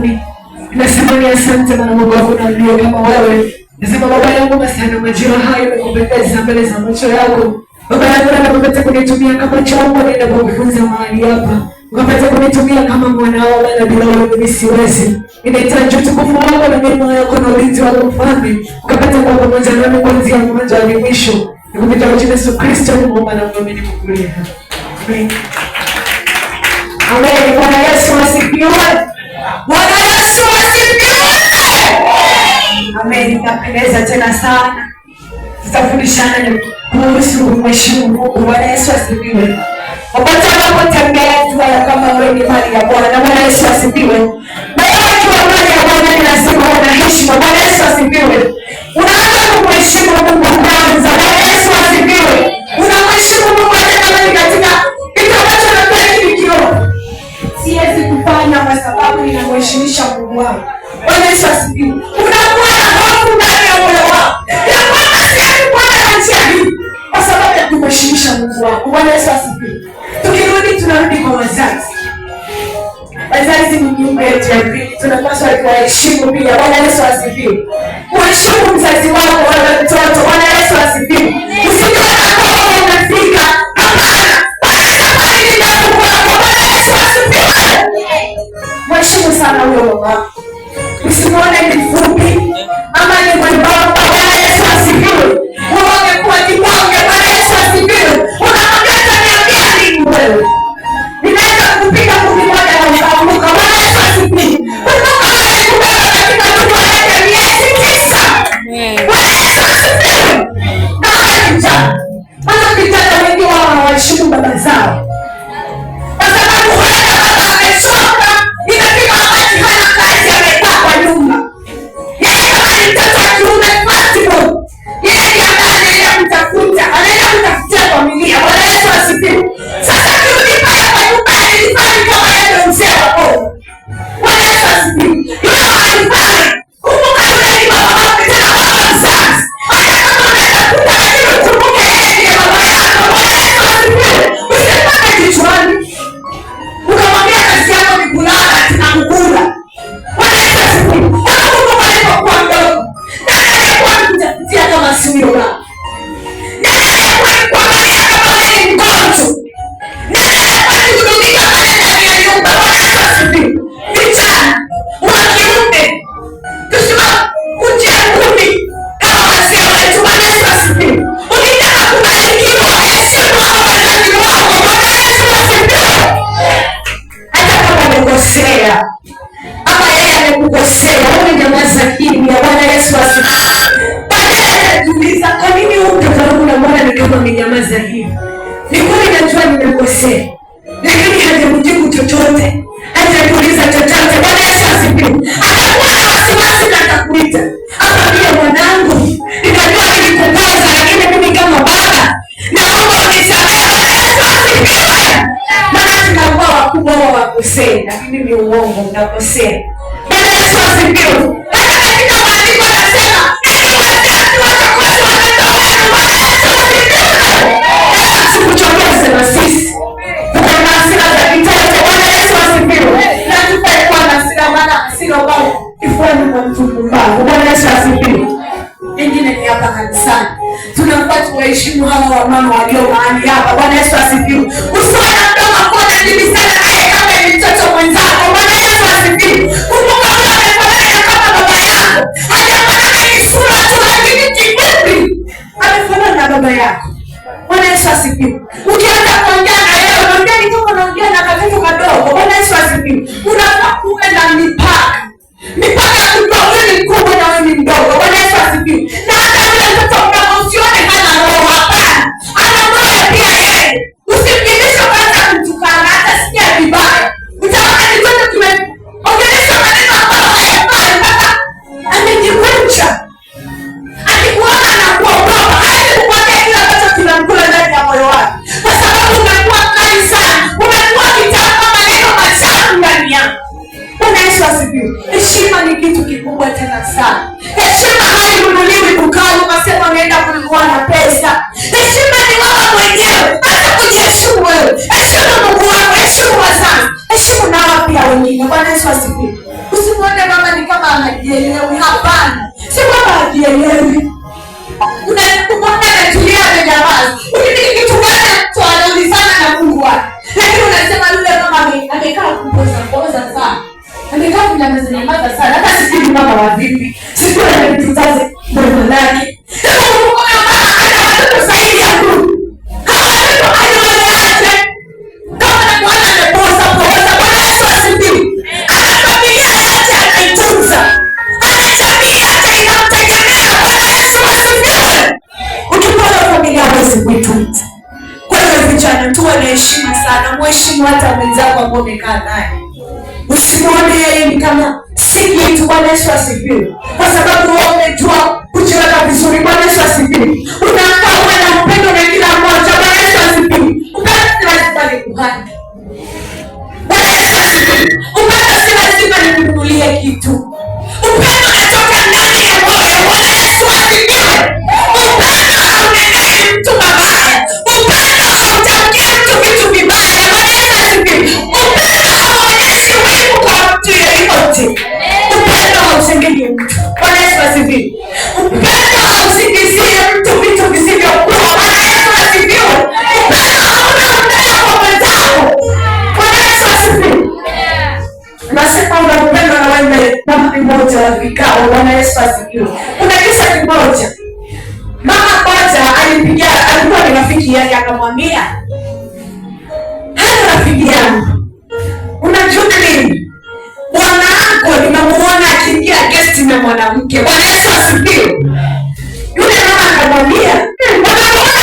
mbinguni. Nasema ni asante na Mungu na aliye kama wewe. Nasema baba yangu masana majira hayo kupendeza mbele za macho yako. Baba yangu nakupenda kunitumia kama chombo nenda ninapokufunza mahali hapa. Ukapata kunitumia kama mwanao na bila wewe mimi siwezi. utukufu wako na neema yako na ulinzi wako mfalme. Ukapata kwa pamoja nami kuanzia mwanzo hadi mwisho. Nikupita kwa jina Yesu Kristo naomba na mwamini kukulia. Amen. Amen. Bwana Yesu asifiwe. Bwana Yesu asifiwe. Amen. Inapendeza tena sana, tutafundishana kuhusu kumheshimu Mungu. Bwana Yesu asifiwe. Popote unapotembea jua ya kama wewe ni mali ya Bwana. Bwana Yesu asifiwe. Mali ya Bwana ni lazima una heshima. Bwana Yesu asifiwe. tuwe kuheshimu pia. Bwana Yesu asifiwe. Kuheshimu mzazi wako, wana mtoto. Bwana Yesu asifiwe. nyamaza Bwana Yesu asifiwe. Baadaye anajiuliza kwa nini uko karibu na mwana ni kama umenyamaza hivi? Ni kweli najua nimekosea, lakini hajakujibu chochote, hajakuuliza chochote. Bwana Yesu asifiwe. Anakuwa na wasiwasi na atakuita akamwambia, mwanangu, ninajua nilikukwaza, lakini mimi kama baba naomba unisamehe. Bwana Yesu asifiwe. Maana tunakuwa wakubwa wakosea, lakini ni uongo, mnakosea tunakuwa tuwaheshimu hawa wamama walio mahali hapa. Bwana Yesu asifiwe. Usione mdomo kuwa na bibi sana naye kama ni mtoto mwenzako. Bwana Yesu asifiwe. Kumbuka wewe amefanana kama baba yako, hajafanana ni sura tu, lakini kimwili amefanana na baba yako. Bwana Yesu asifiwe. Ukianza kuongea na yeye unaongea ni kama unaongea na katoto kadogo. Bwana Yesu asifiwe. Unafaa kuwe na mipaka, mipaka ya kujua wewe ni mkubwa na wewe ni mdogo. Bwana Yesu asifiwe. na hata yule mtoto mdogo Bwana Yesu asifiwe. Usimuone mama ni kama hajielewi. Hapana, si kama hajielewi. Unakumwona anatulia amenyamaza. Ukifiki kitu gani mtu anaulizana na Mungu wake, lakini unasema yule mama amekaa kupoza poza sana, amekaa kunyamaza nyamaza sana, hata sijui mama wa vipi, sijui anatutaze ndogo lake heshimu sana, mheshimu hata mwenzako ambao umekaa naye. Usimwone yeye ni kama si kitu. Bwana Yesu asifiwe, kwa sababu wewe umejua kujiweka vizuri. Bwana Yesu asifiwe. rafiki yake akamwambia, hata rafiki yangu, unachuna nini? Bwana wako nimemuona akiingia gesti na mwanamke. Bwana Yesu asifiwe. Yule mama akamwambia hmm, Bwana Yesu